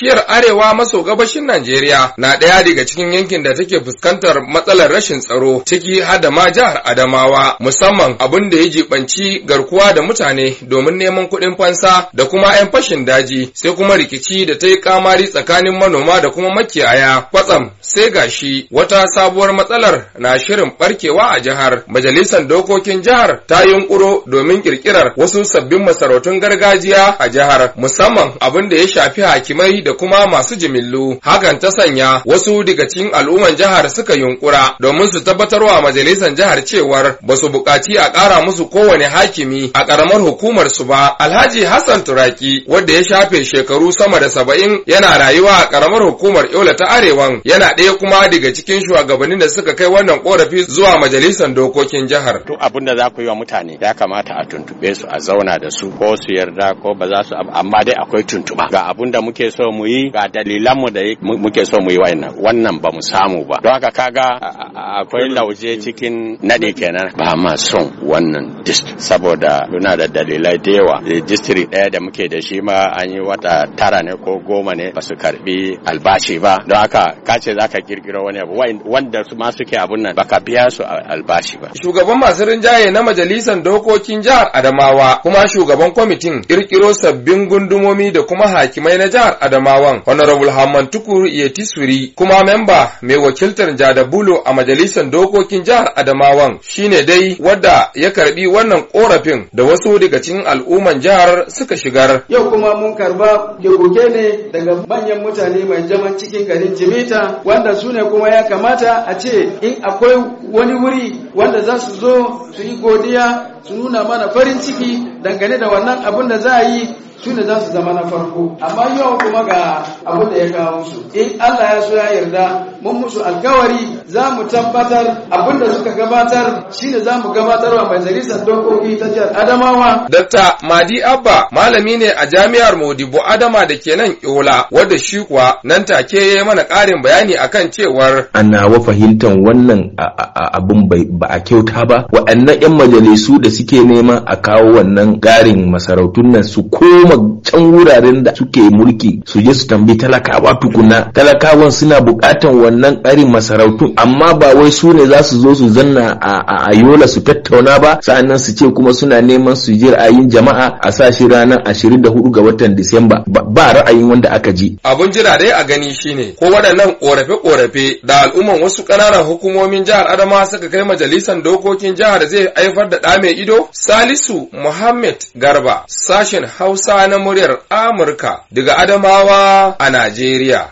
shiyar arewa maso gabashin Najeriya na ɗaya daga cikin yankin da take fuskantar matsalar rashin tsaro ciki har da ma jihar Adamawa musamman abin da ya jibanci garkuwa da mutane domin neman kuɗin fansa da kuma 'yan fashin daji sai kuma rikici da ta yi kamari tsakanin manoma da kuma makiyaya kwatsam sai gashi wata sabuwar matsalar na shirin barkewa a jihar majalisar dokokin jihar ta yunkuro domin kirkirar wasu sabbin masarautun gargajiya a jihar musamman abin da ya shafi hakimai da kuma masu jimillu hakan ta sanya wasu daga cikin al'umman jihar suka yunkura domin su tabbatar wa majalisar jihar cewar ba su buƙaci a ƙara musu kowane hakimi a ƙaramar hukumar su ba alhaji hassan turaki wanda ya shafe shekaru sama da saba'in yana rayuwa a ƙaramar hukumar yola ta arewan yana ɗaya kuma daga cikin shugabannin da suka kai wannan korafi zuwa majalisar dokokin jihar. Duk abin da za ku yi wa mutane ya kamata a tuntuɓe su a zauna da su ko su yarda ko ba za su amma dai akwai tuntuba. ga abin da muke so mu yi ga mu da muke so mu yi wannan wannan ba mu samu ba don haka kaga akwai lauje cikin nade kenan ba ma son wannan district saboda muna da dalilai da yawa e, district ɗaya da muke da shi ma an yi wata tara ne ko goma ne ba su karbi albashi ba don haka ka ce za ka kirkiro wani abu wanda su ma suke abun nan baka biya su albashi ba shugaban masu rinjaye na majalisar dokokin jihar adamawa kuma shugaban kwamitin kirkiro sabbin gundumomi da kuma hakimai na jihar adamawa Adamawan Honorable Hamman Tukuru Yetisuri kuma memba mai wakiltar Jada Bulo a majalisar dokokin jihar Adamawan shine dai wadda ya karbi wannan korafin da wasu daga cikin al'umman jihar suka shigar. Yau kuma mun karba goge ne daga manyan mutane mai zaman cikin garin Jimita wanda su ne kuma ya kamata a ce in akwai wani wuri wanda za su zo su yi godiya su nuna mana farin ciki dangane da wannan abin da za a yi su ne za su zama na farko amma yau kuma ga abu da ya kawo su in Allah ya so ya yarda mun musu alkawari za mu tabbatar abinda suka gabatar shine za mu gabatar wa majalisar dokoki ta jihar Adamawa. Dr. Madi Abba malami ne a jami'ar Modibo Adama da ke nan Iola wadda shi kuwa nan take yayi mana ƙarin bayani akan cewar. Ana wa fahimtar wannan bai ba a kyauta ba waɗannan 'yan majalisu da suke nema a kawo wannan ƙarin masarautun nan su koma can wuraren da suke mulki su je su tambi talakawa tukuna talakawan suna buƙatan wannan ƙarin masarautu amma ba wai su ne za su zo su zanna a yola su tattauna ba sa'annan su ce kuma suna neman su ji ra'ayin jama'a a ranar ashirin da hudu ga watan Disamba ba ra'ayin wanda aka ji. Abun jira dai a gani shine ko waɗannan ƙorafe-ƙorafe da al'umman wasu ƙananan hukumomin jihar Adama suka kai majalisar dokokin jihar zai haifar da ɗa mai ido Salisu Muhammad Garba sashen Hausa na muryar Amurka daga Adamawa a Najeriya.